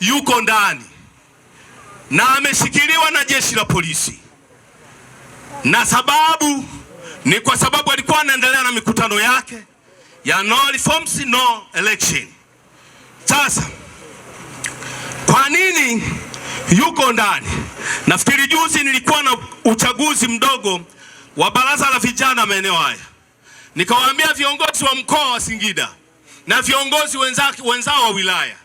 yuko ndani na ameshikiliwa na jeshi la polisi, na sababu ni kwa sababu alikuwa anaendelea na mikutano yake ya no reforms no election. Sasa kwa nini yuko ndani? Nafikiri juzi nilikuwa na uchaguzi mdogo wa baraza la vijana maeneo haya, nikawaambia viongozi wa mkoa wa Singida na viongozi wenzao wa wilaya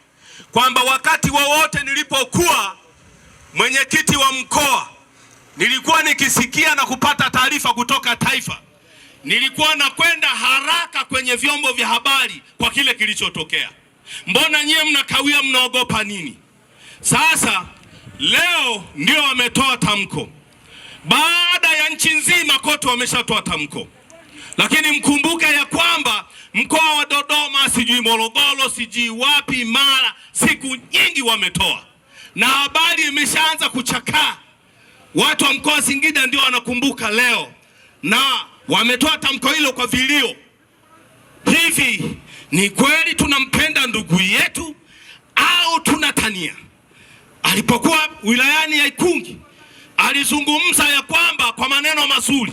kwamba wakati wowote wa nilipokuwa mwenyekiti wa mkoa nilikuwa nikisikia na kupata taarifa kutoka taifa, nilikuwa nakwenda haraka kwenye vyombo vya habari kwa kile kilichotokea. Mbona nyie mnakawia, mnaogopa nini? Sasa leo ndio wametoa tamko, baada ya nchi nzima kote wameshatoa tamko, lakini mkumbuke ya kwamba mkoa wa Dodoma, sijui Morogoro, sijui wapi, Mara siku nyingi wametoa, na habari imeshaanza kuchakaa. Watu wa mkoa wa Singida ndio wanakumbuka leo, na wametoa tamko hilo kwa vilio hivi. Ni kweli tunampenda ndugu yetu au tunatania? Alipokuwa wilayani ya Ikungi alizungumza ya kwamba kwa maneno mazuri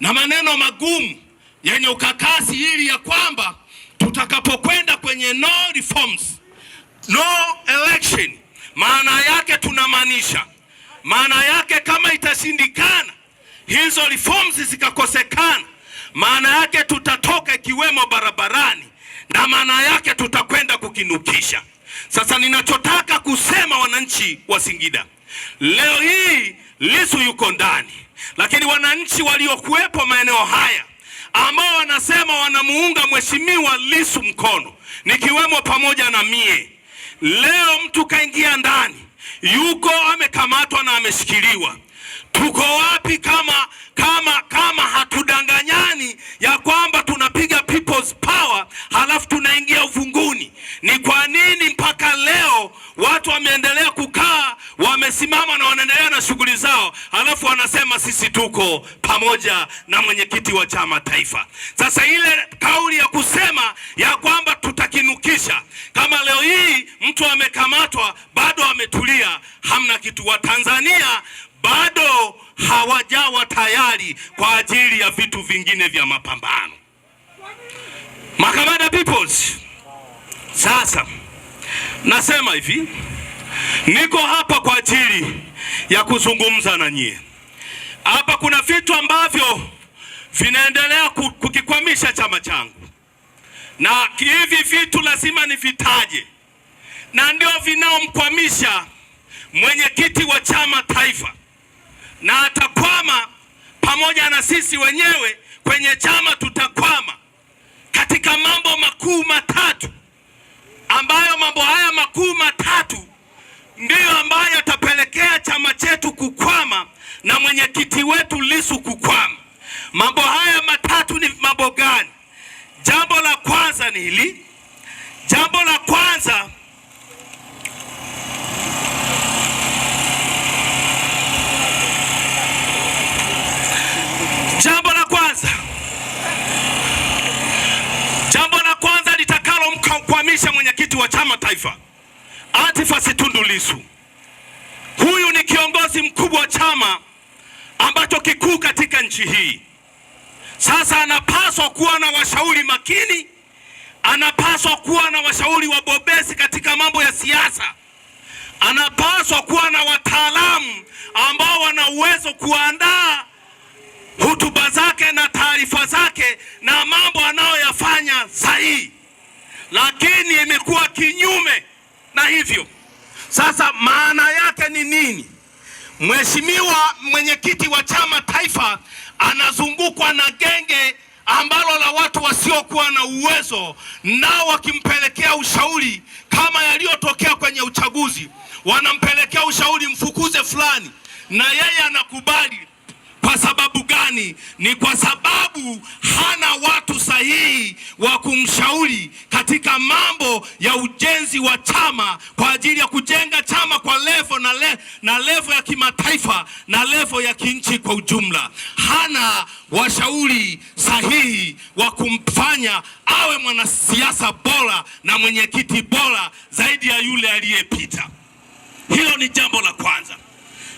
na maneno magumu yenye ukakasi, ili ya kwamba tutakapokwenda kwenye no reforms no election, maana yake tunamaanisha, maana yake kama itashindikana hizo reforms zikakosekana, maana yake tutatoka ikiwemo barabarani, na maana yake tutakwenda kukinukisha. Sasa ninachotaka kusema wananchi wa Singida leo hii, Lissu yuko ndani, lakini wananchi waliokuwepo maeneo haya ambao wanasema wanamuunga mheshimiwa Lissu mkono, nikiwemo pamoja na mie Leo mtu kaingia ndani, yuko amekamatwa na ameshikiliwa. Tuko wapi kama kama kama hatudanganyani ya kwamba tunapiga people's power halafu tunaingia uvunguni? Ni kwa nini mpaka leo watu wameendelea wamesimama na wanaendelea na shughuli zao, alafu wanasema sisi tuko pamoja na mwenyekiti wa chama taifa. Sasa ile kauli ya kusema ya kwamba tutakinukisha, kama leo hii mtu amekamatwa bado ametulia, hamna kitu. Watanzania bado hawajawa tayari kwa ajili ya vitu vingine vya mapambano. Makamada peoples, sasa nasema hivi Niko hapa kwa ajili ya kuzungumza na nyie. Hapa kuna vitu ambavyo vinaendelea kukikwamisha chama changu, na hivi vitu lazima nivitaje, na ndio vinaomkwamisha mwenyekiti wa chama taifa, na atakwama pamoja na sisi wenyewe kwenye chama, tutakwama katika mambo makuu matatu, ambayo mambo haya makuu matatu ndiyo ambayo atapelekea chama chetu kukwama na mwenyekiti wetu Lisu kukwama. Mambo haya matatu ni mambo gani? Jambo la kwanza ni hili. Jambo la kwanza jambo la kwanza jambo la kwanza mwenyekiti wa chama taifa sifa Tundu Lissu. Huyu ni kiongozi mkubwa wa chama ambacho kikuu katika nchi hii. Sasa anapaswa kuwa na washauri makini, anapaswa kuwa na washauri wabobezi katika mambo ya siasa, anapaswa kuwa na wataalamu ambao wana uwezo kuandaa hotuba zake na taarifa zake na mambo anayoyafanya sahihi, lakini imekuwa kinyume na hivyo sasa, maana yake ni nini? Mheshimiwa mwenyekiti wa chama taifa anazungukwa na genge ambalo la watu wasiokuwa na uwezo, nao wakimpelekea ushauri kama yaliyotokea kwenye uchaguzi, wanampelekea ushauri mfukuze fulani, na yeye anakubali kwa sababu gani? Ni kwa sababu hana watu sahihi wa kumshauri katika mambo ya ujenzi wa chama kwa ajili ya kujenga chama kwa levo na, le, na levo ya kimataifa na levo ya kinchi kwa ujumla. Hana washauri sahihi wa kumfanya awe mwanasiasa bora na mwenyekiti bora zaidi ya yule aliyepita. Hilo ni jambo la kwanza,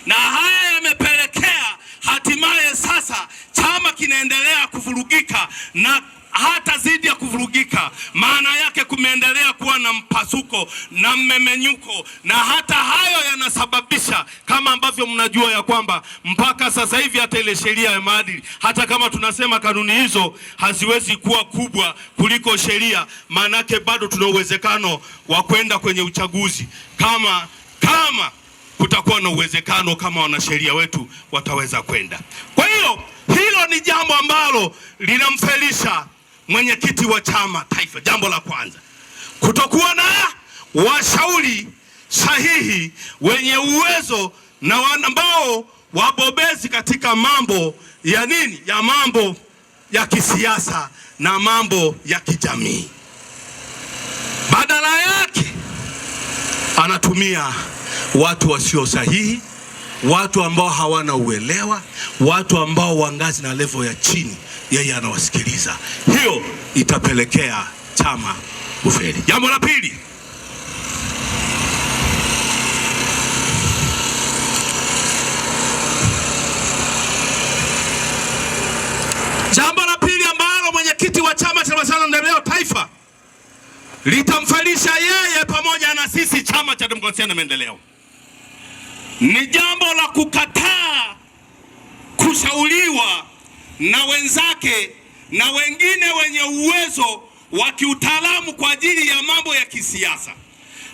na haya yamepelekea Hatimaye sasa chama kinaendelea kuvurugika na hata zidi ya kuvurugika, maana yake kumeendelea kuwa na mpasuko na mmemenyuko, na hata hayo yanasababisha kama ambavyo mnajua ya kwamba mpaka sasa hivi hata ile sheria ya maadili, hata kama tunasema kanuni hizo haziwezi kuwa kubwa kuliko sheria, maana yake bado tuna uwezekano wa kwenda kwenye uchaguzi kama kama kutakuwa na uwezekano kama wanasheria wetu wataweza kwenda. Kwa hiyo hilo ni jambo ambalo linamfelisha mwenyekiti wa chama taifa. Jambo la kwanza, kutokuwa na washauri sahihi wenye uwezo na ambao wabobezi katika mambo ya nini, ya mambo ya kisiasa na mambo ya kijamii, badala yake anatumia watu wasio sahihi, watu ambao hawana uelewa, watu ambao wangazi na levo ya chini, yeye anawasikiliza. Hiyo itapelekea chama kufeli. Jambo la pili, jambo la pili ambalo mwenyekiti wa chama cha Mapinduzi maendeleo taifa litamfalisha yeye pamoja na sisi chama cha Demokrasia na Maendeleo. Ni jambo la kukataa kushauriwa na wenzake na wengine wenye uwezo wa kiutaalamu kwa ajili ya mambo ya kisiasa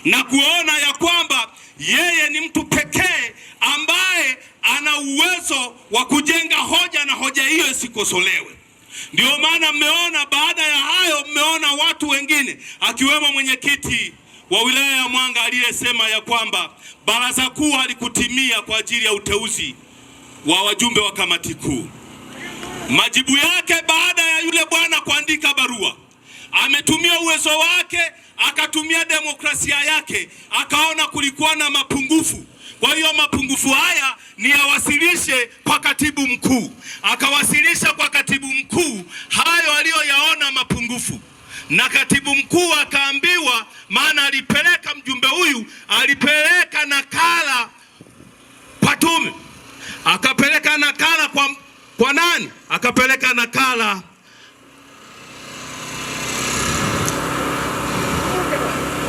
na kuona ya kwamba yeye ni mtu pekee ambaye ana uwezo wa kujenga hoja na hoja hiyo isikosolewe. Ndio maana mmeona baada ya hayo, mmeona watu wengine akiwemo mwenyekiti wa wilaya ya Mwanga aliyesema ya kwamba baraza kuu halikutimia kwa ajili ya uteuzi wa wajumbe wa kamati kuu. Majibu yake baada ya yule bwana kuandika barua, ametumia uwezo wake, akatumia demokrasia yake, akaona kulikuwa na mapungufu. Kwa hiyo mapungufu haya ni awasilishe kwa katibu mkuu, akawasilisha kwa katibu mkuu hayo aliyoyaona mapungufu na katibu mkuu akaambiwa, maana alipeleka mjumbe huyu, alipeleka nakala kwa tume, akapeleka nakala kwa, kwa nani? Akapeleka nakala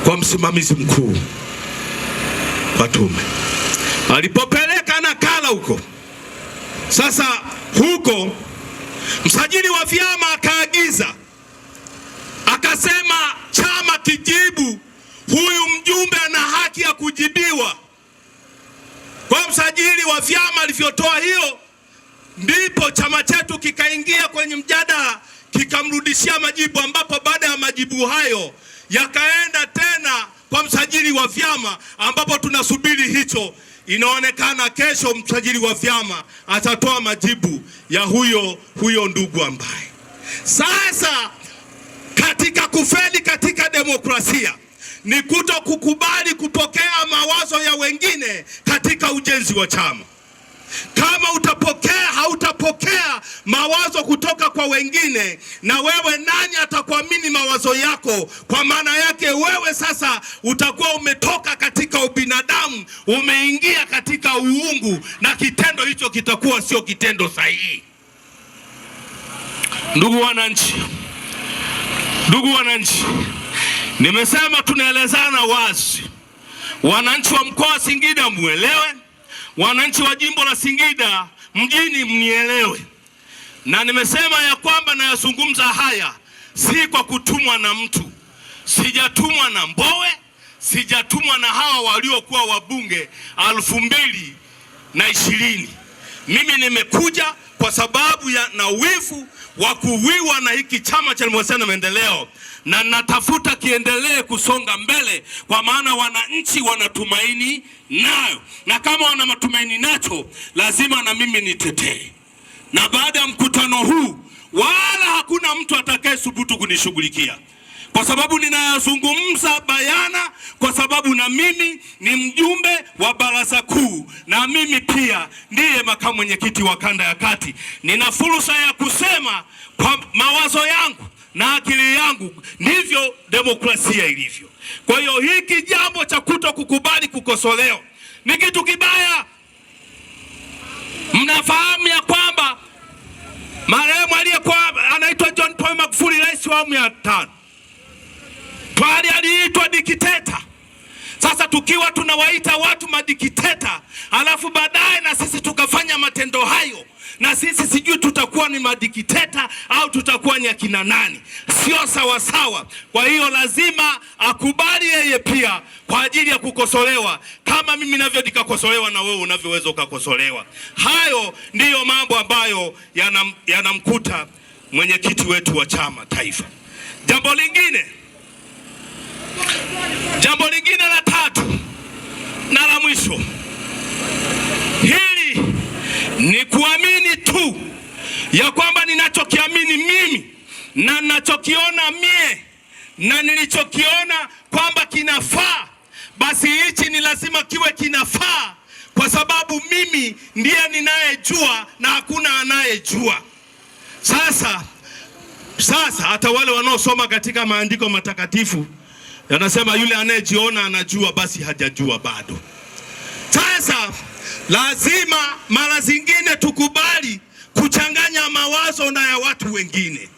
kwa msimamizi mkuu wa tume. Alipopeleka nakala huko sasa, huko msajili wa vyama akaagiza Nikasema chama kijibu, huyu mjumbe ana haki ya kujibiwa. Kwa msajili wa vyama alivyotoa hiyo, ndipo chama chetu kikaingia kwenye mjadala, kikamrudishia majibu, ambapo baada ya majibu hayo yakaenda tena kwa msajili wa vyama, ambapo tunasubiri hicho. Inaonekana kesho msajili wa vyama atatoa majibu ya huyo huyo ndugu ambaye sasa katika kufeli katika demokrasia ni kuto kukubali kupokea mawazo ya wengine katika ujenzi wa chama. Kama utapokea hautapokea mawazo kutoka kwa wengine, na wewe nani atakuamini mawazo yako? Kwa maana yake wewe sasa utakuwa umetoka katika ubinadamu, umeingia katika uungu, na kitendo hicho kitakuwa sio kitendo sahihi. Ndugu wananchi Ndugu wananchi, nimesema tunaelezana wazi. Wananchi wa mkoa wa Singida mwelewe, wananchi wa jimbo la Singida mjini mnielewe, na nimesema ya kwamba nayazungumza haya si kwa kutumwa na mtu. Sijatumwa na Mbowe, sijatumwa na hawa waliokuwa wabunge alfu mbili na ishirini. Mimi nimekuja kwa sababu ya na wivu wa kuwiwa na hiki chama cha demokrasia na maendeleo, na natafuta kiendelee kusonga mbele, kwa maana wananchi wanatumaini nayo, na kama wana matumaini nacho, lazima na mimi nitetee. Na baada ya mkutano huu, wala hakuna mtu atakaye subutu kunishughulikia, kwa sababu ninayazungumza bayana, kwa sababu na mimi ni mimi pia ndiye makamu mwenyekiti wa kanda ya kati, nina fursa ya kusema kwa mawazo yangu na akili yangu, ndivyo demokrasia ilivyo. Kwa hiyo hiki jambo cha kuto kukubali kukosolewa ni kitu kibaya. Mnafahamu ya kwamba marehemu aliyekuwa anaitwa John Pombe Magufuli, rais wa awamu ya tano, twali aliitwa dikteta tukiwa tunawaita watu madikiteta, alafu baadaye na sisi tukafanya matendo hayo, na sisi sijui tutakuwa ni madikiteta au tutakuwa ni akina nani? Sio sawasawa. Kwa hiyo lazima akubali yeye pia kwa ajili ya kukosolewa, kama mimi navyo nikakosolewa na wewe unavyoweza ukakosolewa. Hayo ndiyo mambo ambayo yanamkuta yana mwenyekiti wetu wa chama taifa. Jambo lingine, jambo lingine la la mwisho hili ni kuamini tu ya kwamba ninachokiamini mimi na ninachokiona mie na nilichokiona kwamba kinafaa, basi hichi ni lazima kiwe kinafaa, kwa sababu mimi ndiye ninayejua na hakuna anayejua. Sasa sasa hata wale wanaosoma katika maandiko matakatifu yanasema yule anayejiona anajua, basi hajajua bado. Sasa lazima mara zingine tukubali kuchanganya mawazo na ya watu wengine,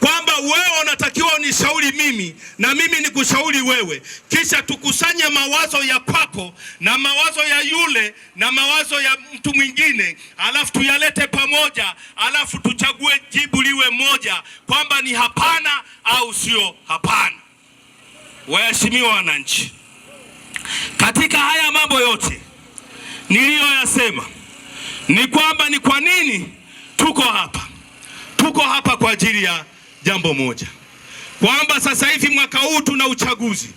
kwamba wewe unatakiwa unishauri mimi na mimi nikushauri wewe, kisha tukusanye mawazo ya kwako na mawazo ya yule na mawazo ya mtu mwingine, alafu tuyalete pamoja, alafu tuchague jibu liwe moja, kwamba ni hapana au sio hapana. Waheshimiwa wananchi, katika haya mambo yote niliyoyasema ni kwamba ni kwa nini tuko hapa. Tuko hapa kwa ajili ya jambo moja, kwamba sasa hivi mwaka huu tuna uchaguzi,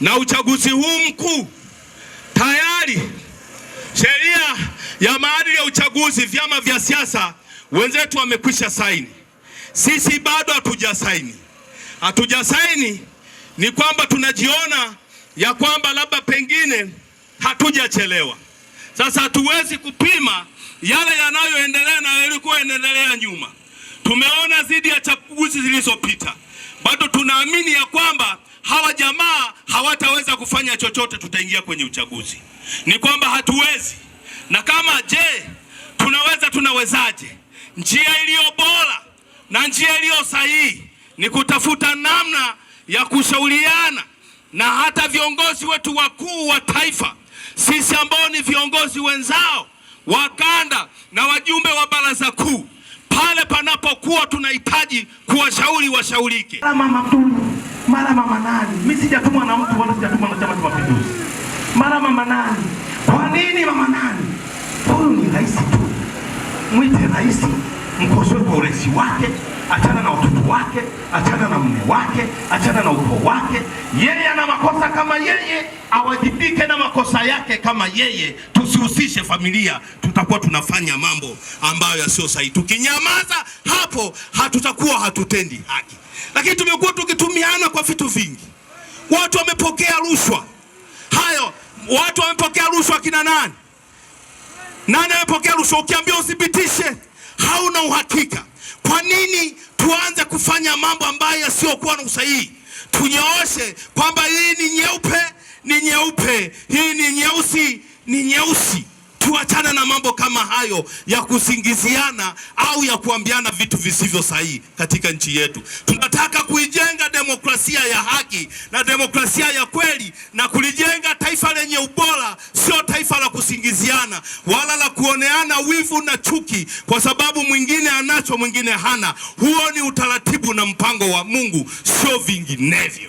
na uchaguzi huu mkuu tayari sheria ya maadili ya uchaguzi, vyama vya siasa wenzetu wamekwisha saini, sisi bado hatujasaini. Hatujasaini ni kwamba tunajiona ya kwamba labda pengine hatujachelewa. Sasa hatuwezi kupima yale yanayoendelea na yalikuwa yanaendelea nyuma. Tumeona zidi ya chaguzi zilizopita, bado tunaamini ya kwamba hawa jamaa hawataweza kufanya chochote, tutaingia kwenye uchaguzi. Ni kwamba hatuwezi, na kama je, tunaweza tunawezaje? Njia iliyo bora na njia iliyo sahihi ni kutafuta namna ya kushauriana na hata viongozi wetu wakuu wa taifa sisi ambao ni viongozi wenzao wa kanda na wajumbe wa baraza kuu, pale panapokuwa tunahitaji kuwashauri washaurike. Mara mama Tunu, mara mama nani, mimi sijatumwa na mtu wala sijatumwa na Chama cha Mapinduzi. Mara mama nani? Kwa nini mama nani? Huyu ni rais tu, mwite rais, mkosoe kwa urais wake achana na utoto wake, achana na mume wake, achana na ukoo wake. Yeye ana makosa kama yeye, awajibike na makosa yake kama yeye. Tusihusishe familia, tutakuwa tunafanya mambo ambayo yasiyo sahihi. Tukinyamaza hapo, hatutakuwa hatutendi haki, lakini tumekuwa tukitumiana kwa vitu vingi. Watu wamepokea rushwa, hayo watu wamepokea rushwa kina nani? Nani amepokea rushwa? Ukiambia uthibitishe, hauna uhakika. Kwa nini tuanze kufanya mambo ambayo yasiyokuwa na usahihi? Tunyooshe kwamba hii ni nyeupe, ni nyeupe, hii ni nyeusi, ni nyeusi tuachane na mambo kama hayo ya kusingiziana au ya kuambiana vitu visivyo sahihi katika nchi yetu. Tunataka kuijenga demokrasia ya haki na demokrasia ya kweli na kulijenga taifa lenye ubora, sio taifa la kusingiziana wala la kuoneana wivu na chuki, kwa sababu mwingine anacho mwingine hana. Huo ni utaratibu na mpango wa Mungu, sio vinginevyo.